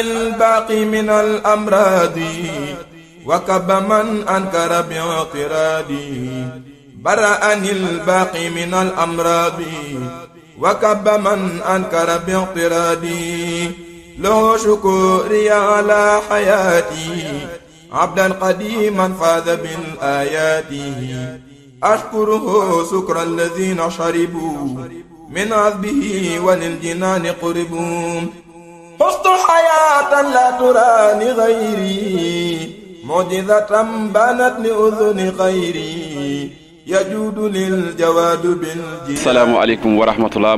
الباقي من الأمراض وكب من أنكر باعتراضي برأني الباقي من الأمراض وكب من أنكر باعتراضي له شكوري على حياتي عبدا قديما فاز بالآيات أشكره سكر الذين شربوا من عذبه وللجنان قربوا xust xayaatan la turaani xayri mujizatan banat li uduni xayri yajuudu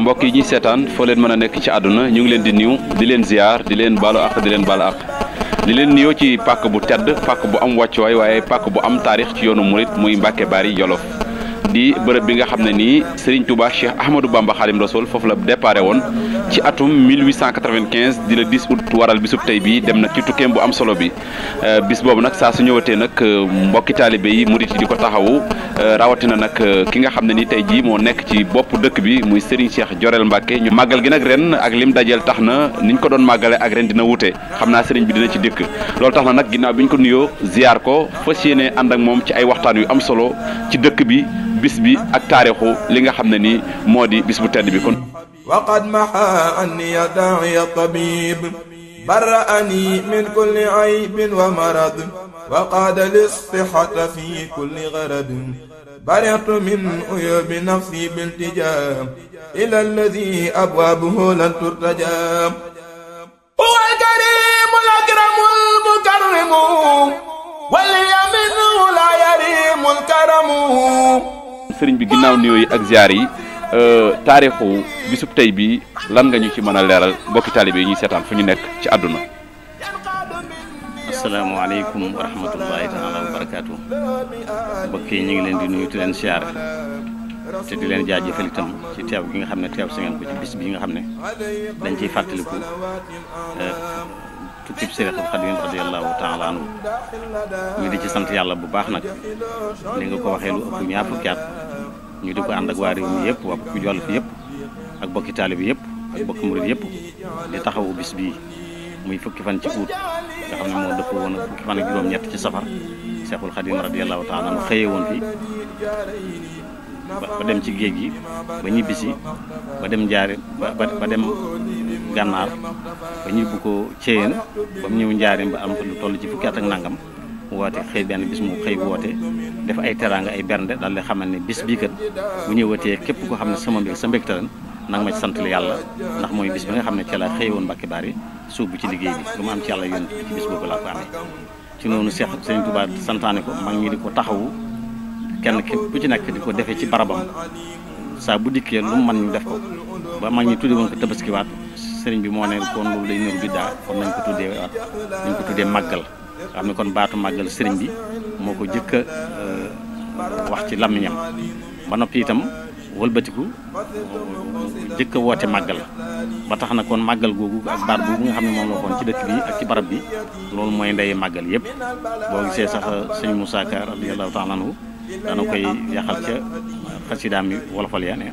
mbokk yi ñu seetaan foo leen mën a nekk ci àdduna ñu ngi leen di niw di leen ziyaar di leen baalu àq di leen baalu ak di leen niyoo ci pàkk bu tedd pàkk bu am wàccuwaay waaye pàkk bu am taarix ci yoonu murit muy Mbàkke Bari Jolof di bërëb bi nga xam ne nii Serigne Touba Cheikh Ahmadou Bamba Xaadim Rasoul foofu la déparé woon ci atum 1895 di la 10 août waral bisub tey bi dem nag ci tukkeem bu am solo bi euh, bis boobu nag saa su ñëwatee nag euh, mbokki taalibe yi di yi di ko taxawu euh, rawatina nag ki nga xam ne ni tey jii moo nekk ci bopp dëkk bi muy Serigne Cheikh Jorel Mbacke ñu màggal gi nag ren ak lim dajeel tax na ni ñu ko doon màggale ak ren dina wute xam naa Serigne bi dina ci dikk loolu tax na nag ginnaaw bi ñu ko nuyoo ziar ko fas yéene ànd ak moom ci ay waxtaan yu am solo ci dëkk bi bis ak taarixu li nga xam ne ni moo di bis bu bi kon وقد محى عني داعي الطبيب برأني من كل عيب ومرض وقعد للصحة في كل غرض برعت من عيوب نفسي بالتجاه إلى الذي أبوابه لن ترتجى هو الكريم الأكرم المكرم واليمين لا يريم الكرم sëriñ bi ginnaaw nuyoo yi ak ziar yi Euh, taarixu bisub tey bii lan nga ñu ci mën a leeral mbokki taalibe yi ñuy seetaan fu ñu nekk ci àdduna. asalaamaaleykum wa rahmatullahi taala wa barakaatu yi ñu ngi leen di nuyu di leen siyaare te di leen jaajëfal itam ci teew gi nga xam ne teew si ngeen ko ci bis bi nga xam ne dañ ciy fàttaliku euh, tukkib Seex Xaadim radiyallahu taala anhu ñu di ci sant yàlla bu baax nag li nga ko waxee lu ëpp ñaar fukki at ñu di ko ànd ak waa réew mi yëpp waa bokk Jolof yëpp ak bokki taalibe yëpp ak bokki murid yëpp di taxawu bis bi muy fukki fan ci août nga xam ne moo dëpp woon ak fukki fan juróom-ñett ci safar Seexul Xadiim radiyallaahu taala mu xëyee woon fi ba dem ci géej gi ba ñibbisi ba dem njaare ba dem gànnaar ba ñibbu ko Ceyeen ba mu ñëw njaareem ba am fa ci fukki at ak nangam mu woote xëy benn bis mu xëy woote def ay teraanga ay bernde daal di xamal ne bis bii kat bu ñëwatee képp ko xam ne sama mbég sa mbégte ren nanga ma sant yàlla ndax mooy bis bi nga xam ne ca la xëy woon Mbàkke Bari suuf bi ci liggéey bi lu ma am ci yàlla yoon ci bis boobu laa ko amee ci noonu santaane ko mag ñi di ko taxawu kenn képp ku ci nekk di ko defee ci barabam saa bu dikkee lu man ñu def ko ba mag ñi tudde woon ko tabaskiwaat sëriñ bi moo ne kon loolu day nëru biddaa kon nañ ko tuddee waat nañ ko tuddee la nga xam ne kon baatu màggal sëriñ bi moo ko jëkk a euh, wax ci làmmiñam ba noppi itam wëlbatiku euh, jëkk a woote màggal ba tax na kon màggal googu ak baat boobu nga xam ne moom la waxoon ci dëkk bi ak ci barab bi loolu mooy ndey màggal yëpp boo gisee sax euh, sëñ Moussa Ka radiyallahu taala anhu dana koy yaxal ca xasidaam yi wolofal ya ne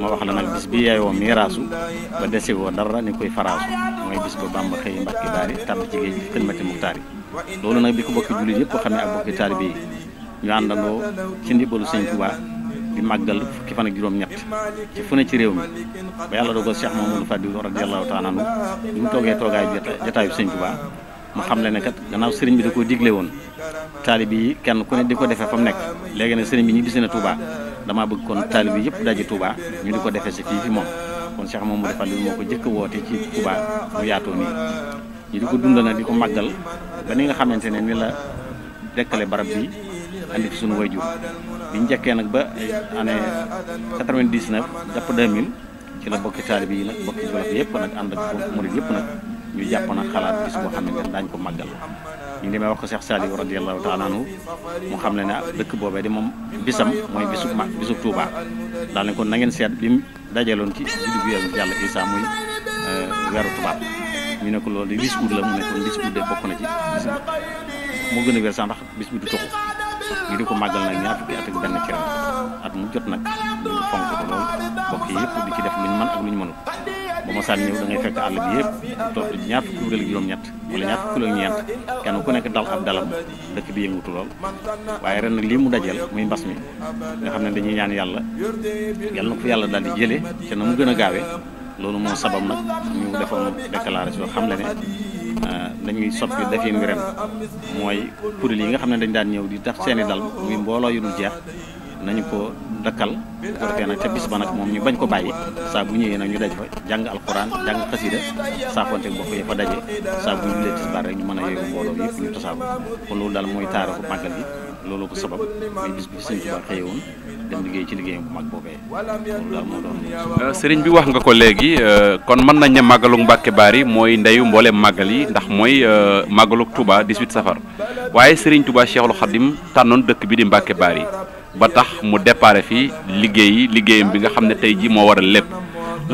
ma wax la nag bis bi yaayoo miiraasu ba dese woo dara ni koy faraasu mooy bis ba Bàmba xëy Mbàkke baari tàbb ci géej gi xëlmati yi loolu nag bi ko bokki jullit yëpp xamee ak bokki taalibe yi ñu àndandoo ci ndimbalu sëñ Tuubaa di màggal fukki fan ak juróom-ñett ci fu ne ci réew mi ba yàlla dogal Cheikh Mamadou Fadilou radiyallahu taala anhu bi mu toogee toogaay jataayu sëñ Tuubaa mu xam le ne kat gannaaw sëriñ bi da koo digle woon taalibe yi kenn ku ne di ko defee fa mu nekk léegi nag sëriñ bi ñu bisi tubaa Tuubaa damaa bëgg kon taalibe yëpp daje tubaa ñu di ko defee si fii fi moom kon Cheikh Mamadou Fadilou moo ko jëkk woote ci Tuubaa mu yaatoo nii ñu di ko dund nag di ko màggal ba ni nga xamante ne ni la dekkale barab bi andi ci suñu wayjur bi ñu njëkkee nag ba année 99 jàpp 2000 ci la bokki taalib yi nag bokki jolof yëpp nag ànd ak murid yëpp nag ñu jàpp nag xalaat bis boo xam ne daañu ko màggal ñu demee wax ko Cheikh Saliou radiyallahu taala anhu mu xam ne ne dëkk boobee di moom bisam mooy bisu ma bisu Touba daal kon na ngeen seet bi mu dajaloon ci juddu bi yàlla Isa muy euh, weeru tubaab ñu ne ko loolu di discours la mu ne kon discours de bokk na ci moo gën a wér sax ndax bis bi du toxu ñu di ko màggal nag ñaar fukki ak benn ci at mu jot nag ñu fonk ko lool bokk yëpp di ci def luñ mën ak luñ mënul ba ma saan ñëw da ngay fekk àll bi yëpp toog ñaar fukki kuréel ak juróom-ñett wala ñaar fukki kuréel ak ñeent kenn ku nekk dal ab dalam dëkk bi yëngutu lool waaye ren nag lii mu dajeel muy mbas mi nga xam ne dañuy ñaan yàlla yàlla na ko yàlla daal a loolu moo sabab nag ñu defoon yoo xam le ne euh, dañuy soppi defin wi mooy kuréel yi nga xam ne dañ daan ñëw di tax seeni dal muy mbooloo yu dul jeex nañu ko dakkal kortee nag ca bis ba nag moom ñu bañ ko bàyyi saa ñëwee nag ñu daj fa jàng alxuraan jàng xasida saafonte bokk yi fa daje saa bu ñu lee tisbaar rek ñu mën a yooyu mbooloo yëpp ñu tasaako kon loolu daal mooy taara ko màggal bi loolu ko sabab muy bis bi liggéey ci liggéeyam bu mag boobee euh, sëriñ bi wax nga ko léegi euh, kon mën nañ ne màggalu Mbàkke Baari mooy ndeyu mbooleem màggal yi ndax mooy euh, màggalu Touba 18 safar waaye sëriñ Touba Cheikhul Khadim tànnoon dëkk bi di Mbàkke Baari ba tax mu déparé fi liggéeyi liggéeyam bi nga xam ne tey ji moo waral lépp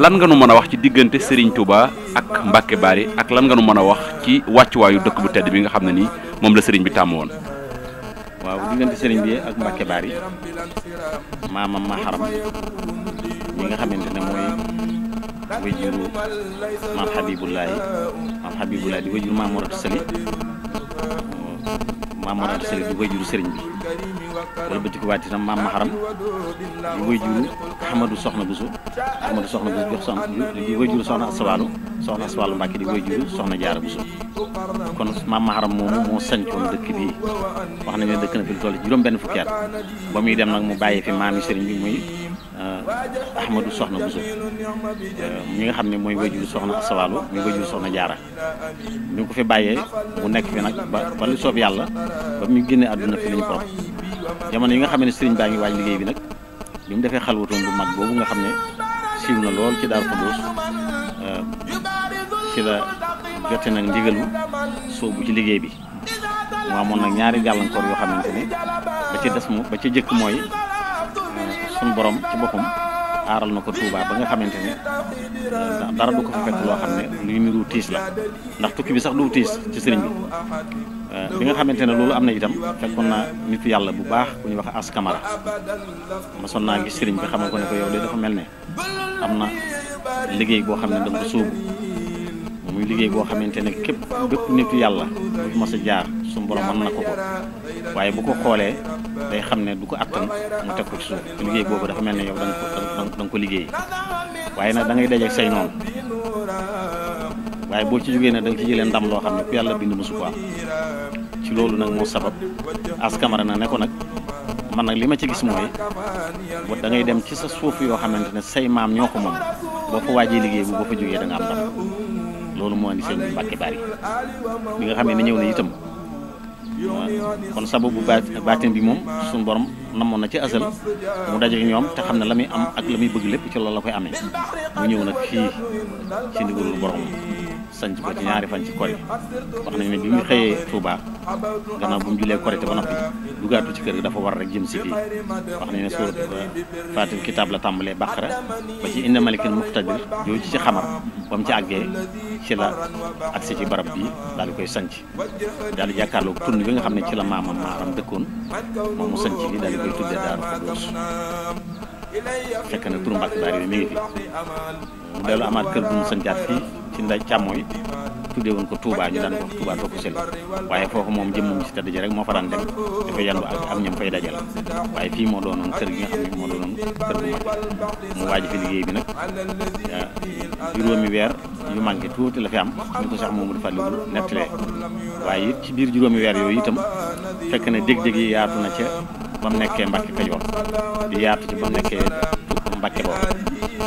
lan nga nu mën a wax ci diggante Serigne tubaa ak baar yi ak lan nga nu mën a wax ci wàccuwaayu dëkk bu tedd bi nga xam ne nii moom la Serigne bi tàmm woon. waaw diggante sëriñ bi ak Mbàkke Baar yi maamam maa xaram ñi nga xamante ne mooy wajuru maam Xabibulaahi maam Xabibulaahi di wajuru maam Moratu Sali di wajuru sëriñ bi wëlbatikuwaat itam maam Maharam di way juru Ahmadou Soxna Bousso Ahmadou Soxna Bousso jox soxna di way juru Soxna Aswalu Soxna Aswalu Mbàkke di way juru Soxna Jaara Bousso kon maam Maharam moomu moo sancoon dëkk bii wax nañu dëkk na fi lu toll juróom benn fukki at ba muy dem nag mu bàyyi fi maami sëriñ bi muy euh, Ahmadou Soxna Bousso ñi euh, nga xam ne mooy way juru Soxna Aswalu muy way juru Soxna Jaara bi ko fi bàyyee bu nekk fi nag ba ba lu soob yàlla ba muy génne àdduna fi lañu jamono yi nga xam ne sëriñ baa ngi waaj liggéey bi nag bi mu defee xalwatoon bu mag boobu nga xam ne siiw na lool ci Daaru Xudoos euh, ci la jote nag ndigalu soobu ci liggéey bi mu amoon nag ñaari gàllankoor yoo xamante ne ba ca des mu ba ca jëkk mooy euh, suñ boroom ci boppam aaral na ko Touba ba nga xamante ne euh, dara du ko fa fekk loo xam ne luy niru tiis la ndax tukki bi sax lu tiis ci sëriñ bi Euh, bi nga xamante ne loolu am na itam fekkoon naa nit yàlla bu baax ku ñuy wax askamara ma naa gis sëriñ bi xamal ko ne ko yow de dafa mel ne am na liggéey boo xam ne danga ko suubu muy liggéey boo xamante ne képp bépp nitu yàlla bu ma sa jaar suñu borom mën na ko ko waaye bu ko xoolee day xam ne du ko attan mu teg ko ci suuf liggéey boobu dafa mel ne yow danga ko danga ko liggéey waaye nag da ngay say noonu waaye boo ci jógee ne da nga ci jëlee ndam loo xam ne ku yàlla bind mosu ko am ci loolu nag moo sabab as camara na ne ko nag man nag li ma ci gis mooy wa da ngay dem ci sa suuf yoo xamante ne say maam ñoo ko moom boo fa waajee liggéey bu boo fa jógee da am ndam loolu moo indi seen bi mbàkke bari bi nga xamee ne ni ñëw na itam kon sababu baatin bi moom suñu borom namoon na ci asal mu dajeek ñoom te xam ne la muy am ak la muy bëgg lépp ci loolu la koy amee mu ñëw nag fii ci ndigalul sanc ko ci ñaari fan ci kori wax nañu ne bi muy xëyee Touba gannaaw bu mu julee korite ba noppi dugaatu ci kër gi dafa war rek jim si fii wax nañu ne surat fatil kitaab la tàmbalee Baqara ba ci inna malikin muqtadir jooju ci xamar ba mu ci àggee ci la agsi ci barab bi daal di koy sanc daal di jàkkaarloog tund bi nga xam ne ci la maamam maaram dëkkoon moom mu sanc bi daal di koy tuddee Daaru Xudoos fekk na turu Mbàkke Bari mi ngi fi mu dellu amaat kër gu mu sancaat fii ci nda càmmooy tuddee woon ko Touba ñu daan ko wax Touba foofu sel waaye foofu moom jëmmum si tedd ji rek moo fa daan dem dafa yandu ak am ñam fay dajal waaye fii moo doonoon kër gi nga xam ne moo doonoon kër gu mag mu waaj fi liggéey bi nag juróomi weer yu manqué tuuti la fi am ñu ko sax moomu dafa liggul nettalee waaye it ci biir juróomi weer yooyu itam fekk na dég-dég yi yaatu na ba mu nekkee Mbàkke Kajoor di yaatu ci ba mu nekkee Mbàkke boobu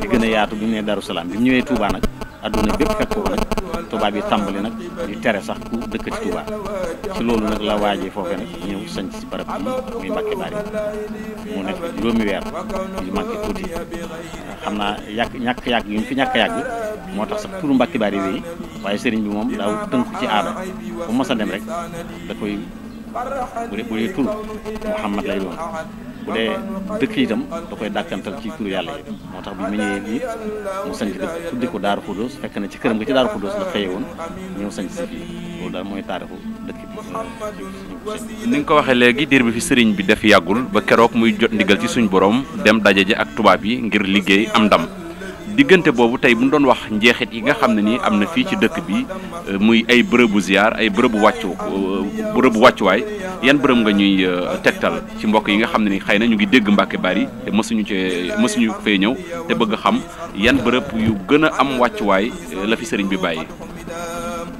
di gën a yaatu bu mu nee Salaam bi ñëwee Touba nag adduna bépp fekk ko nag Touba bi tàmbali nag di tere sax ku dëkk ci Touba ci loolu nag la waajee foofee nag ñëw sañ si barab bi muy Mbàkke Bari mu nekk juróomi weer yu manqué tuuti xam naa yàgg ñàkk yàgg yu ñu fi ñàkk yàgg moo tax sax turu Mbàkke Bari yi waaye sëriñ bi moom daaw tënku ci aada bu mos a dem rek bu dee bu dee tur Muhammad lay doon bu dee dëkk itam da koy dàkkantal ci tur yàlla yi moo tax bi mu ñëwee nii mu sañ ci dëkk tuddi ko Daaru Xuddoos fekk na ci këram nga ci Daaru Xuddoos la xëye woon ñëw sañ si fii loolu daal mooy taarixu dëkk bi ko waxee léegi diir bi fi sëriñ bi def yàggul ba keroog muy jot ndigal ci suñu borom dem daje ji ak tubaab yi ngir liggéey am ndam diggante boobu tey bu ñu doon wax njeexit yi nga xam ne nii am na fii ci dëkk bi euh, muy ay bërëbu ziar ay bërëbu wàccu euh, bërëbu wàccuwaay yan bërëb nga ñuy euh, tegtal ci mbokk yi nga xam ne ni xëy na ñu ngi dégg Mbàkke Bari te mësuñu cee mësuñu fee ñëw te bëgg xam yan bërëb yu gën a am wàccuwaay la fi sëriñ bi bàyyi.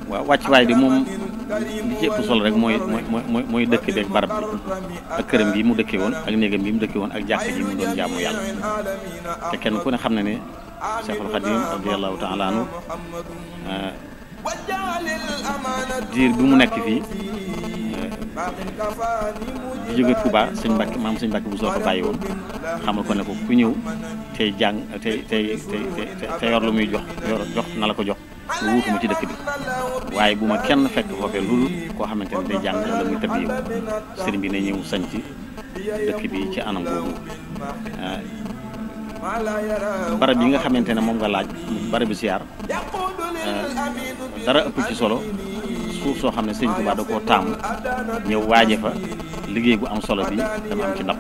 waaw wàccuwaay bi moom li ci ëpp rek mooy mooy mooy dëkk beeg barab bi ak këram bi mu dëkkee woon ak néegam bi mu dëkkee woon ak jàkka ji mu doon jaamu Cheikhul Khadim radiyallahu taala anhu euh, diir bi mu nekk fii euh, di jóge Touba sëñ Mbàkke maam sëñ Mbàkke bu soo ko bàyyi woon xamal ko ne ko ku ñëw tey jàng tey tey tey te yor lu muy jox yor jox na la ko jox nga ci dëkk bi bu ma kenn fekk foofee loolu koo xamante ne day jàng la muy tabb yow sëriñ bi ne ñëw sañ ci dëkk bi ci anam boobu euh, barab yi nga xamante ne moom nga laaj barab bu siyaar eh, dara ëpp ci solo suuf soo xam ne sëñ Tuubaa da koo taamu ñëw waaje fa liggéey bu am solo bi dama am ci ndam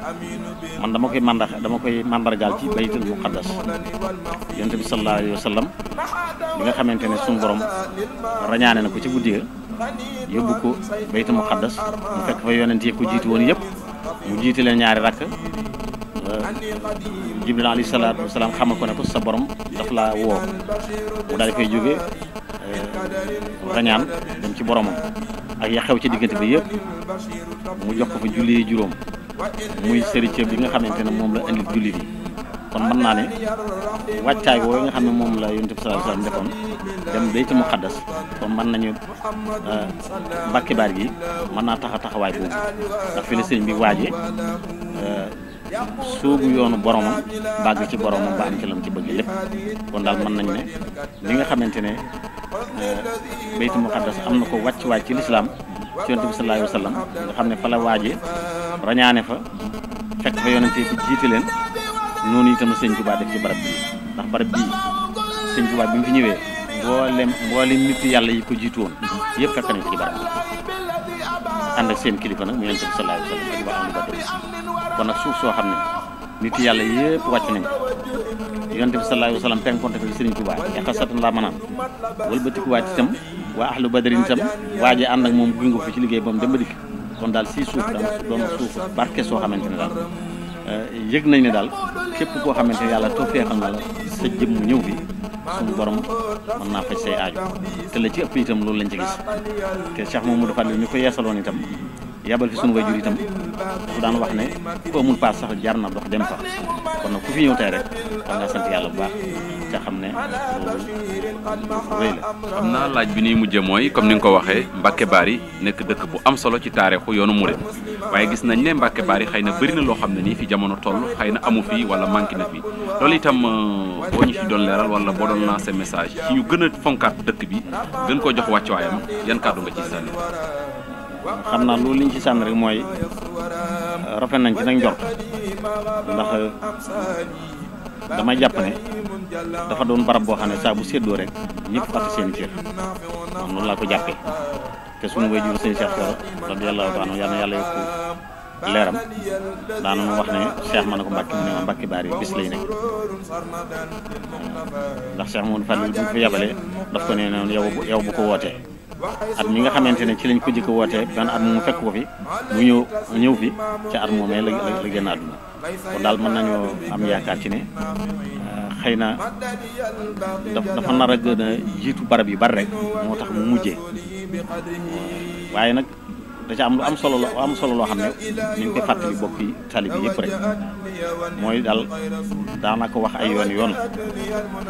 man dama dama koy mandargaal ci baytul muqaddas bi sallallahu alayhi wa nga xamante ne suñu borom rañaane na ko ci guddi ga yóbbu ko baytul muqaddas mu fekk fa yonent yi jiitu woon yëpp mu jiite leen ñaari rakk Euh, Jibril alayhi salaatu wa salaam xamal ko ne ko sa borom daf laa woo mu daal di fay jóge euh, rañaan dem ci boromam ak ya xew ci diggante bi yëpp mu jox ko fa julli juróom muy sëri ceeb bi nga xamante ne moom la indil julli bi kon mën naa ne wàccaay woowu nga xam ne moom la yonent bi sallallahu alayhi wasallam defoon dem bayti muqaddas kon mën nañu euh, mbàkkibaar gi mën naa taxa taxawaay boobu ndax fi bi waaje soobu yoonu boromam bàgg ci boromam ba am ci lam ci bëgg yépp kon daal mën nañ ne li nga xamante ne euh, baytu muqaddas am na ko wàcc wàcc ci lislaam ci yonent bi sallallahu nga xam ne fa la waaje rañaane fa fekk fa yonente fi jiite leen noonu itam sëñ Tuubaa def ci barab bii ndax barab bii sëñ Tuubaa bi mu fi ñëwee mboolem mboolem nit yàlla yi ko jiitu woon yëpp fekk nañ ànd ak seen kilifa nag mu yonent bi sallallahu alayhi wa sallam waa ahlu badr kon nag suuf soo xam ne nit yàlla yëpp wàcc nañ yonent bi sallallahu alayhi wa sallam penkonte fi Sëriñ Tuubaa yaxasatan laa manaan wëlbatiku waat itam waa ahlu badrin itam waa ji ànd ak moom gunge fi ci liggéey ba mu dem ba dikk kon daal si suuf dama doon suuf soo xamante ne daal Euh, yëg nañ ne daal képp koo xamante ne yàlla tawfeexal na la sa jëmm ñëw bi suñu borom mën naa faj say aajo te la ci ëpp itam loolu lañ ci gis te Cheikh Mamadou Fadil mi ko yeesaloon itam yabal fi suñu wayjur itam su daan wax ne ku amul paas sax jar na dox dem fa kon nag ku fi ñëw tey rek war nga sant yàlla bu baax nga xam ne xam naa laaj bi ñuy mujje mooy comme ni nga ko waxee baar yi nekk dëkk bu am solo ci taarixu yoonu mu murit waaye gis nañ ne Mbacke yi xëy na bëri na loo xam ne nii fi jamono toll xëy na amu fi wala manqué na fi loolu itam euh, boo ñu ci doon leeral wala boo doon lancé message ci ñu gën a fonkaat dëkk bi gën koo jox wàccuwaayam yan kàddu nga ci sànni. xam naa loolu li ci sànni rek mooy rafet nañ ci nag njort ndax. damay jàpp ne dafa doon barab boo xam ne saa bu séddoo rek ñëpp fàtte seen cër man noonu laa ko jàppee te sunu way jur sëñ Cheikh Thioro radiyallahu taala yàlla na yàlla yokku leeram daanañu wax ne Cheikh ma ne ko Mbàkke mu ne ma Mbàkke Baari bis lay nekk ndax Cheikh moom Fallou bu fi yabale daf ko ne noonu yow yow bu ko wootee at mi nga xamante ne ci lañ ko jëkk wootee benn at mu fekk ko fi mu ñëw ñëw fi ci at moomee la la génn daal mën nañu am yaakaar ci ne euh, xëy na dafa nar a gën a jiitu barab yu bari rek moo tax mu mujjee waaye nag da ca am lu am solo solo loo xam ne fàttali bokki tali bi yëpp rek mooy daal daanaka wax ay yoon yoon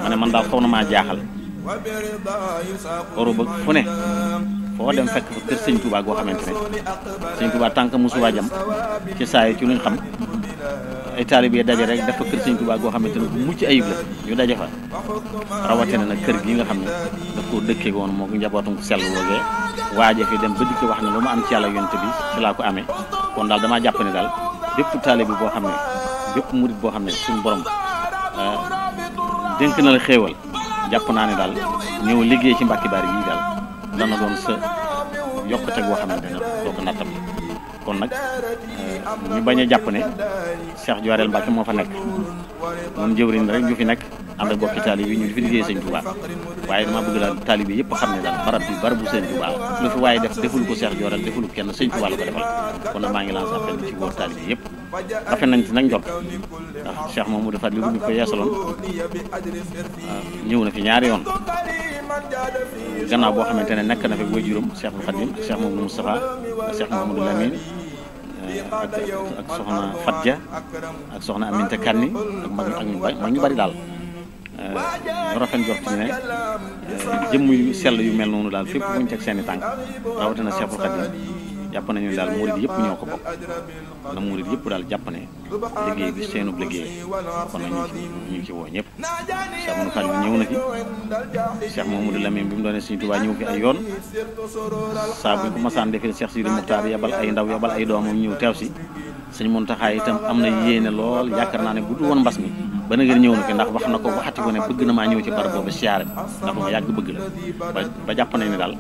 ma ne man daal xaw na maa jaaxal Europe ak fu ne foo dem fekk fa kër sëñ Touba goo xamante ne sëñ Touba tànk musuwaa jam ci saa yi ci luñ xam ay taalibe daje rek dafa kër sëñ Touba goo xamante ne bu mucc ayib la ñu daje fa rawatina na kër gi nga xam ne daf koo dëkkee woon moo njabootum sel woogee waaje fi dem ba dikk wax ne lu ma am ci yàlla yonte bi ci laa ko amee kon daal damaa jàpp ne daal bépp taalibe boo xam ne bépp murit boo xam ne suñu borom euh, denk na la xéewal jàpp naa ne daal ñëw liggéey ci Mbàkke Bari yi daal dana doon sa yokkute goo xam ne dana doo kon nag euh, ñu bañ jàpp ne Cheikh Jooreel Mbàkke moo fa nekk moom jëwriñ rek ñu fi nekk ànd ak bokki taalib yi ñu di fi liggéey sëñ Tuubaa waaye dama bëgg daal taalib yi yëpp xam ne daal barab bi barabu sëñ Tuubaa lu fi waaye def deful ko Cheikh Jooreel deful ko kenn sëñ Tuubaa la ko defal kon nag maa ngi lancé appel ci góor taalib yi yëpp rafet nañ ci nañ jot ndax Cheikh Mamadou Fadli bu ko yeesaloon ñëw na fi ñaari yoon gannaaw boo xamante ne nekk na fi booy juróom Cheikh Mamadou Fadli Cheikh Mamadou Moustapha ak Cheikh Mamadou eh, ak ak soxna Fadja ak soxna Aminta Kanni ak mag ak ñu bari daal ñu eh, rafet jot ci ne eh, jëmm yu sell yu mel noonu daal fépp buñ teg seen i tànk rawatina Cheikhul Khadim jàpp nañu ne daal murid yëpp ñoo ko bokk na murid yëpp daal jàpp ne liggéey bi seenub liggéey kon nag ñu ci ñu ngi ci woo ñëpp Cheikh Mouhamadou Fadil ñëw na fi Cheikh Mouhamadou Lamine bi mu doonee Sëriñ Tuubaa ñëw fi ay yoon saa bu ñu ko masaan defee Cheikh Sidi Muxtaar yabal ay ndaw yabal ay doomam ñëw teew si Sëriñ Muntaxaa itam am na yéene lool yaakaar naa ne bu dul woon mbas mi ba na ngeen ñëw na fi ndax wax na ko waxati ko ne bëgg na maa ñëw ci barab boobu siyaare bi ndax lu ma yàgg bëgg ba jàpp nañ ne daal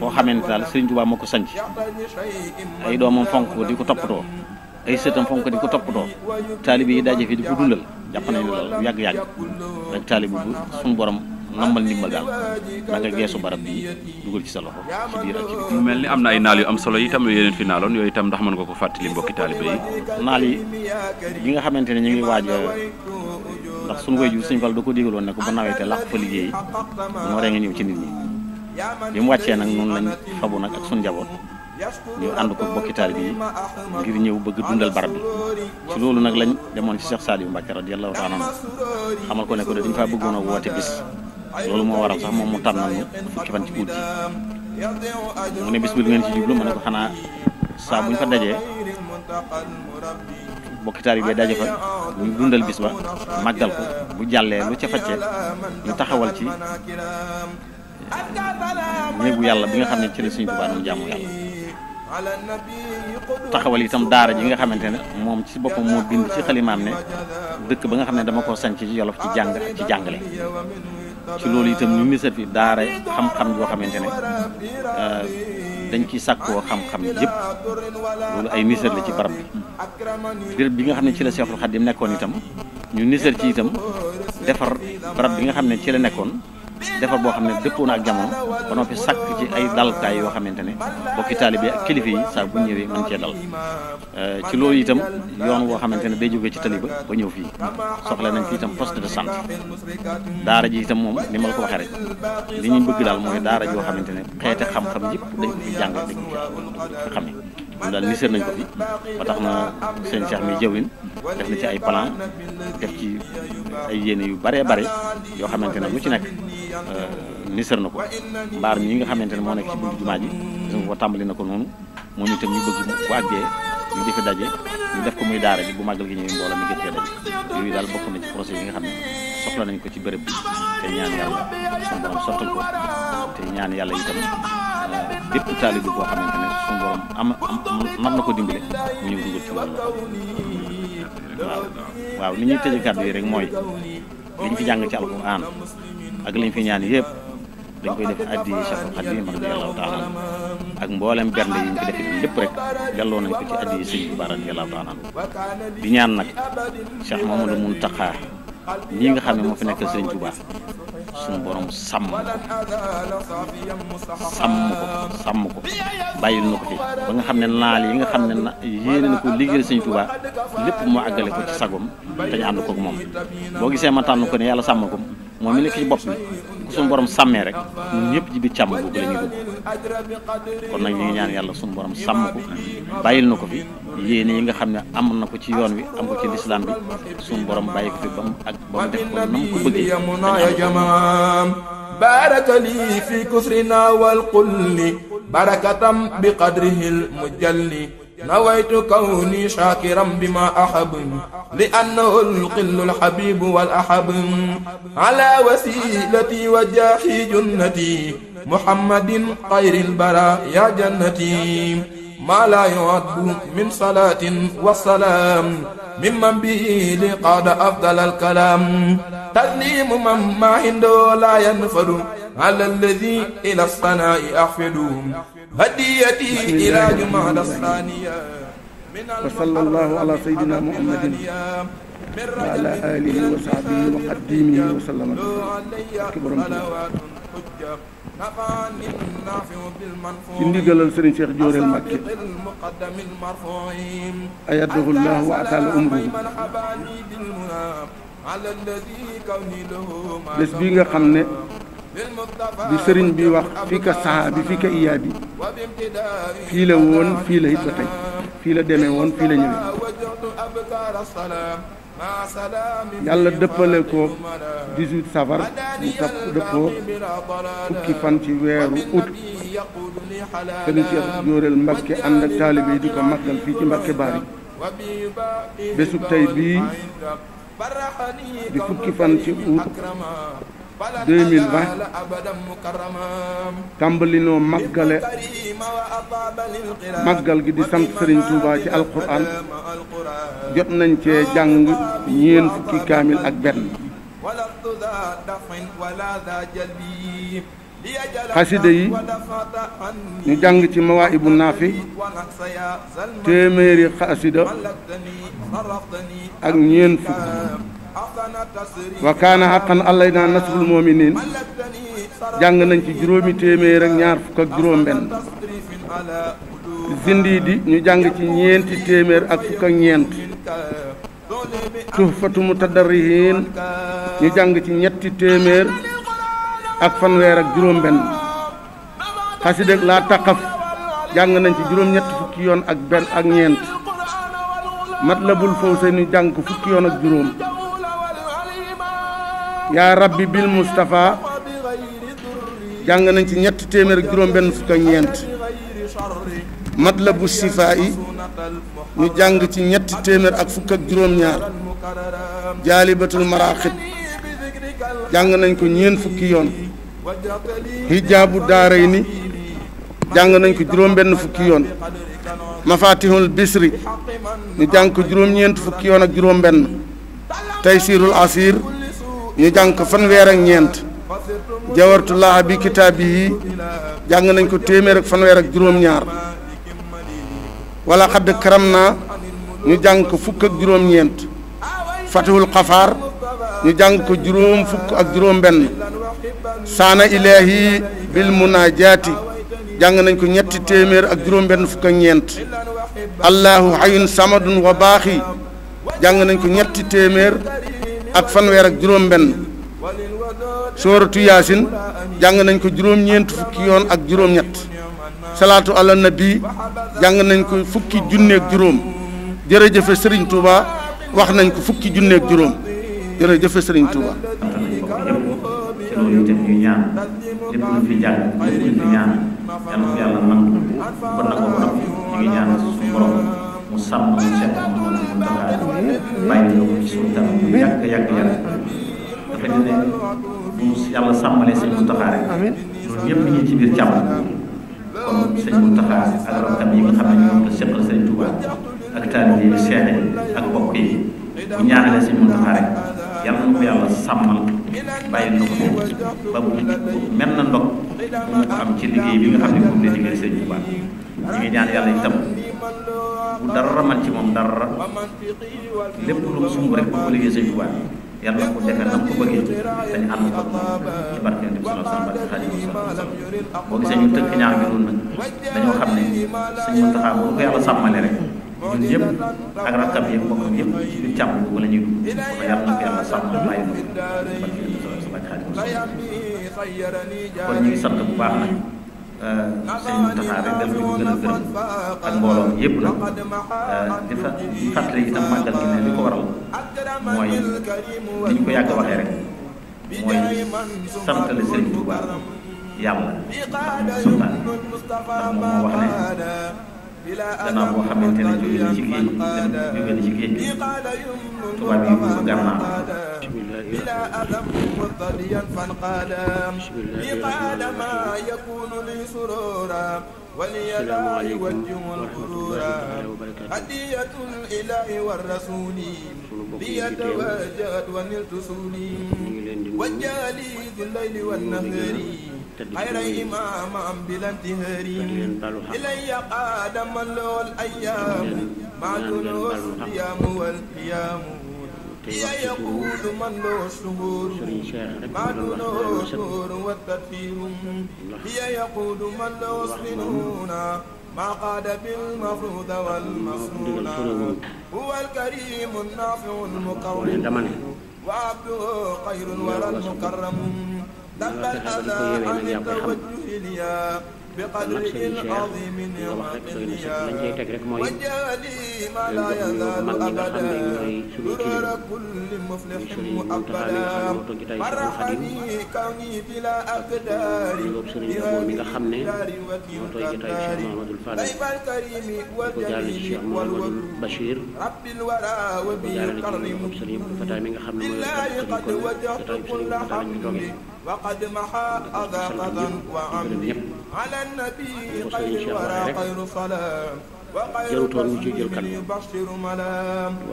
foo xamante ne daal Serigne Touba moo ko sanc ay doomam fonk ko di ko toppatoo ay sëtam fonk di ko toppatoo taalibe yi daje fi di ko dundal jàpp nañ loolu yàgg-yàgg rek taalibe bu borom nambal ndimbal daal da nga geesu barab bi dugal ci sa loxo ci biir ak ci biir. mu mel ni am na ay naal yu am solo yi itam yeneen fi naaloon yooyu tam ndax mën ko ko fàttali mbokki taalibe yi. naal yi ñi nga xamante ne ñu ngi waaj ndax suñu koy jur sëñ Fall da ko digaloon ne ko bu nawetee làq fa liggéey bu waree nga ñëw ci nit ñi bi mu wàccee nag noonu lañ fabu nag ak suñu njaboot ñu ànd ko bokki taalibe yi ngir ñëw bëgg dundal barab bi ci loolu nag lañ demoon ci Cheikh Saliou Mbacke radiyallahu ta'ala anhu xamal ko ne ko de dañ bëggoon a woote bis loolu moo waral sax moom mu tànnal ñu fukki fan ci guddi mu ne bis bi lu ngeen ci jublu ma ne ko xanaa saa buñ fa dajee bokki taalibe yi daje fa ñu dundal bis ba màggal ko bu jàllee lu ca facce ñu taxawal ci eh, néegu yàlla bi nga xam ne ci la suñu Tuubaa doon jaamu yàlla taxawal itam daara ji nga xamante ne moom ci boppam moo bind ci xalimaam ne dëkk ba nga xam ne dama ko sanc ci Jolof ci jàng ak ci jàngale ci loolu itam ñu misal fi daara xam-xam yoo xamante ne eh, dañ ciy sàkkoo xam-xam yëpp loolu ay nisar la ci barab bi béréb bi nga xam ne ci la Seexul Xaadim nekkoon itam ñu nisar ci itam defar barab bi nga xam ne ci la nekkoon defar boo xam ne dëppoo na ak jamono ba noppi sàkk ci ay dalkaay yoo xamante ne bokki taalibe ak kilifa yi saa bu ñëwee mën cee dal euh, ci loolu itam yoon woo xamante ne day jógee ci tali ba ba ñëw fii soxla nañ fi itam poste de santé daara ji itam moom li ma la ko waxee rek li ñu bëgg daal mooy daara joo xamante ne xeeti xam-xam yëpp dañ ko fi jàng dañ ko fi xamee ñun daal nisër nañ ko fi ba tax na seen Cheikh mi jëwlin def na ci ay plan def ci ay yéene yu baree bare yoo xamante ne lu ci nekk euh, nisër na ko mbaar mi nga xamante ne moo nekk ci buntu jumaa ji gis ko tàmbali na ko noonu moo ñu itam ñu bëgg bu àggee ñu di daje ñu def ko muy daara ji bu màggal gi ñuy mbooloo mi gën daje yooyu daal bokk na ci yi nga xam ne nañ ko ci béréb bi te ñaan ko te ñaan yàlla itam bépp taalibe boo xam ne suñu borom am am na ko dimbale mu ñëw dugal ci waaw waaw ñuy tëje kàddu yi rek mooy li ñu fi jàng ci alxuraan ak li ñu fi ñaan yëpp dañ koy def addi yi Seexul Xadiim radiyallaahu taala ak mboolem bernde yi ñu ko defee lépp rek delloo nañ ko ci addi yi Sëñ Tuubaa radiyallaahu taala bi ñaan nag Cheikh Mamadou Muntaxa ñii nga xam ne moo fi nekk Sëñ Tuubaa suñu borom sàmm ko sàmm ko sàmm ko bàyyil na ko fi ba nga xam ne naal yi nga xam ne na yéene na ko liggéeyal sëñ Tuubaa lépp moo àggale ko ci sagoom te ñu ànd koog moom boo gisee ma tànn ko ne yàlla sàmm ko moom mi nekk ci bopp bi ko borom sàmmee rek ñun ñëpp ci biir càmm boobu la ñuy kon nag ñu ngi ñaan yàlla suñu borom sàmm ko bàyyil na ko bi yéene yi nga xam ne am na ko ci yoon wi am ko ci lislaam bi suñu borom bàyyi ko fi ba mu ak ba mu def ko nam ko bëggee baraka lii fi kusrina wal kulli barakatam bi qadrihi al mujalli نويت كوني شاكرا بما أحب لأنه القل الحبيب والأحب على وسيلتي وجاحي جنتي محمد خير البراء يا جنتي ما لا يعد من صلاة والسلام ممن به لقد أفضل الكلام تسليم من ما عنده لا ينفد على الذي إلى الصناء أحفدهم هديتي إلى جمعة الثانية وصلى الله على سيدنا محمد وعلى آله وصحبه وقديمه وسلم كبرم ci ndigalal sëriñ Cheikh Jóoreel Màkke ayadahu llahu wa ataala umruhu bés bii nga xam ne bi sëriñ bi wax fii ka saha bi fii ka iyaa bi fii la woon fii la it ba tey fii la demee woon fii la ñëwee yàlla dëppale ko 18 safar mu tapp dëppoo fukki fan ci weeru ut sëriñ Cheikh Jóoreel Mbàkke ànd ak taalibe yi di ko màggal fii ci Mbàkke Baari bésub tey bii di fukki fan ci ut tàmbalinoo tàmbali noo gi di sant Serigne ci alquran jot nañ cee jàng ñeen fukki kaamil ak benn xasida yi ñu jàng ci mawaahibu naafi téeméeri xasida ak ñeen fukk wa kaana xaqan alaynaa nasrul mu'miniin jàng nañ ci juróomi téeméer ak ñaar fukk ak juróom-benn zindiidi ñu jàng ci ñeenti téeméer ak fukk ak ñeent tuhfatu mutadarrihiin ñu jàng ci ñetti téeméer ak fanweer ak juróom-benn xasida laa taqaf jàng nañ ci juróom-ñetti fukki yoon ak benn ak ñeent matlabul fawsayni ñu jàng fukki yoon ak juróom. yaa rabbi bil Moustapha jàng nañ ci ñetti téeméer ak juróom-benn fukk ak ñeent matlabu sifaa yi jàng ci ñetti téeméer ak fukk ak juróom-ñaar jaalibatul maraaxib jàng nañ ko ñeent fukki yoon hijaabu daaray jàng nañ ko juróom-benn fukki yoon mafatihul bisri ñu jàng ko juróom-ñeent fukki yoon ak juróom-benn taysirul asir yu jàng ko fanweer ñeent jawartulaaha bi kitaab jàng nañ ko téeméer ak fanweer ak juróom-ñaar wala xadd karam naa ñu jàng ko fukk ak juróom-ñeent fatihul xafaar ñu jàng ko juróom fukk ak juróom-benn saana ilaahi bil munaajaati jàng nañ ko ñetti téeméer ak juróom-benn fukk ak ñeent allahu hayun samadun wa baaxi jàng nañ ko ñetti téeméer ak fanweer ak juróom-benn sóoratu yaasin jàng nañ ko juróom-ñeent fukki yoon ak juróom-ñett salaatu ala jàng nañ ko fukki junneeg juróom jërëjëfe sëriñ Touba wax nañ ko fukki junneeg juróom jërëjëfe Serigne Touba. te mu sàmm mu set mu mu bàyyi ko ci suñu tam bu yàgg dafa ne ne mu yàlla sàmmalee sëñ Muntaxa rek loolu ñëpp ñu ci biir càmm kon sëñ Muntaxa ak rakkam yi ak taalibe yi ak bokk yi bu ñaanalee sëñ Muntaxa yàlla na ko yàlla sàmmal bàyyi na ko ba bu mel na ndog mu am ci liggéey bi nga xam ne moom la liggéey sëñ Tuuba ñu ngi ñaan yàlla itam bu dara man ci moom dara lépp lu sumb rek bu ko liggéey sëñ Tuubaa yàlla ko defee nam ko bëggee dañu ànd ko ci barke nabi sallallahu alayhi wa sallam boo gisee ñu tënk ñaar bi noonu nag dañoo xam ne sëñ Muntaxa bu ko yàlla sàmmale rek ñun yëpp ak rakkam yëpp bokkam yëpp ci biir càmm boobu la ñuy dugg kon yàlla na ko yàlla sàmmal bàyyi na ko barke kon ñu ngi sant bu baax nag Euh, sëñ Moustapha rek dal ko gën a gërëm ak mbooloom yëpp nag euh, di fa di fàttali itam màggal gi ne li ko waral mooy li ko yàgg waxee rek mooy santale sëriñ Tuubaa yàlla subhaana ndax moom moo wax ne gannaaw boo xamante ne jóge na ci géej dem jóge na ci géej gi tubaab yi dugg gànnaar. bisimilah. عليهم امام بلا انتهارين الي قادم الايام مع دروس القيام والقيام يا يقول من له الشهور مع دونه الشهور والتدبير يا يقول من له السنون ما قاد بالمفروض والمصنون هو الكريم النافع المكرم وعبده خير ولا المكرم dañ ko yéwee nag yaa koy xam kon nag sëñ Cheikh li nga wax rek doy na sax lañ cay teg rek mooy dañ jox nuyoo bu mag ñi nga xam ne ñooy suñu kilifa muy sëriñ Mountakha mi nga xam ne moo toog jotaay Cheikhul Khadim ak nuyoo bu sëriñ Abo mi nga xam ne moo toog jotaay Cheikh Mouhamadul Fadal di ko jaarale ci Cheikh Mouhamadul Bachir di ko jaarale ci nuyoo sëriñ Abdou Fatah mi nga xam ne mooy jotaay sëriñ Fatah lañ ko toogee. jarutoon mu ci jël kan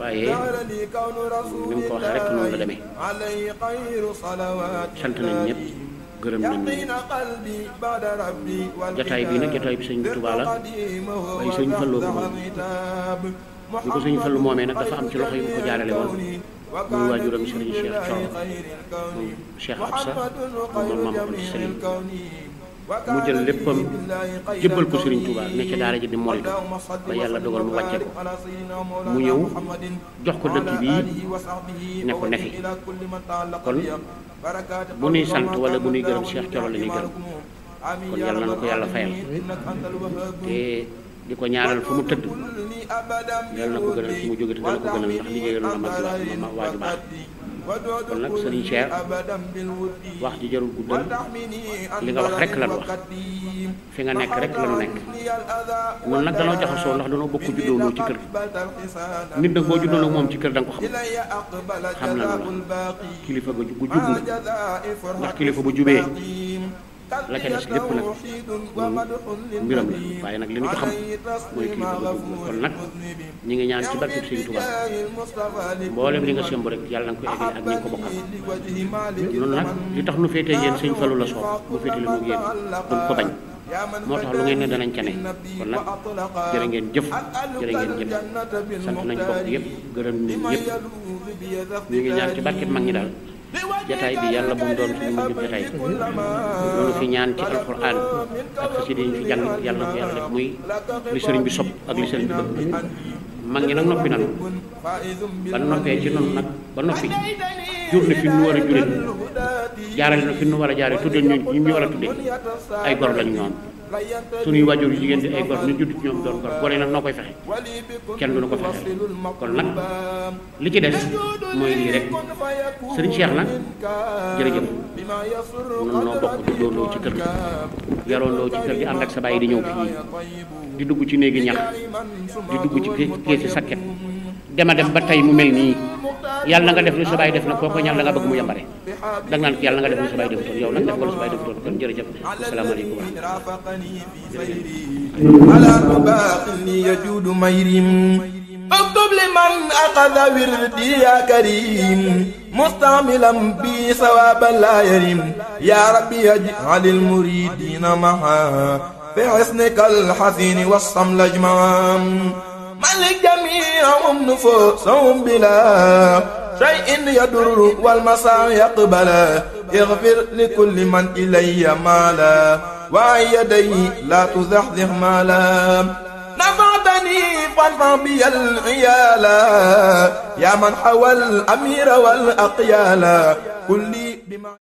waaye ni mu ko waxee rek noonu la demee sant nañ ñëpp gërëm nañ ñëpp jataay bi nag jataay bi sëñ Tuubaa la waaye sëñ Fallu ko moom bi ko sëñ Fallu moomee nag dafa am ci loxo yi mu ko jaarale woon muy waajuram sëriñ Cheikh Thioro moom Cheikh Absa moom maam Abdou Salim mu jël léppam jëbbal ko Serigne Touba ne ci a ji di moytu ba yàlla dogal mu wàcce ko mu ñëw jox ko dëkk bii ne ko nefi kon bu nuy sant wala bu nuy gërëm Cheikh Thioro la ñuy gërëm kon yàlla na ko yàlla fayal te di ko ñaanal fu mu tëdd yàlla na ko gënal fu mu jóge te dana ko gënal ndax liggéeyal na mag la ma waaju kon nag sëriñ Cheikh wax ji jarul guddal li nga wax rek lan wax fi nga nekk rek lanu nekk ñun nag danoo jaxasoo ndax danoo bokk juddoonoo ci kër nit nag boo juddoo nag moom ci kër da ko xam xam na lu la kilifa gu jub nga ndax kilifa bu jubee la ca des lépp nag mbiram la waaye nag li ñu ko xam mooy kilifa ba bëgg kon nag ñi ngi ñaan ci barkeb Sëriñ Tuubaa mboolem li nga sëmb rek yàlla na ko eggale ak ñi nga ko bokkal noonu nag li tax nu féetee yéen Sëriñ la soob mu féetee ko bañ moo tax lu ngeen ne danañ ca ne kon nag jërë ngeen jëf jërë ngeen jëf sant nañ bokk yëpp gërëm nañ yëpp ñu ngi ñaan ci barkeb mag ñi daal jataay bi yàlla bu mu doon suñu mujj jataay loolu fi ñaan ci alquran ak xasida yi fi jàng yàlla ko yàlla def muy li bi sopp ak li sëriñ bi bëgg mag ñi nag noppi nanu ba noppee ci noonu nag ba noppi jur na fi nu war a jure jaarale na fi nu war a jaare tudde ñu ñu war a tudde ay gor lañ ñoom suñuy wajur yu jigéen di ay gor ñu judd ci ñoom doon gor gore nag noo koy fexe kenn du na ko fexe kon nag li ci des mooy lii rek sëriñ Cheikh nag jërëjëf nun noo bokk juddoondoo ci kër gi yaroondoo ci kër gi ànd ak sa bàyyi di ñëw fii di dugg ci néegi ñax di dugg ci keesi sakket dema dem ba tey mu mel nii yàlla na nga def lu sa baay def nag kooku ñaan la nga bëgg mu yambare da nga naan yàlla na nga def lu sa baay defutoon yow nag def ko lu sa baay defutoon kon jërëjëf asalaamaaleykum wa rahmatulah. ala mubaqi yajudu mayrim اكتب لمن أخذ وردي يا كريم مستعملا بي ثوابا لا يرم يا ربي اجعل المريدين معا في حسنك الحسين والصمل اجمعا ملك جميعهم نفوسهم بلا شيء يضر والمساع يقبلا اغفر لكل من إلي مالا وعن يدي لا تزحزح مالا نفعتني فارفع بي العيالا يا من حوى الأمير والأقيالا كلي بما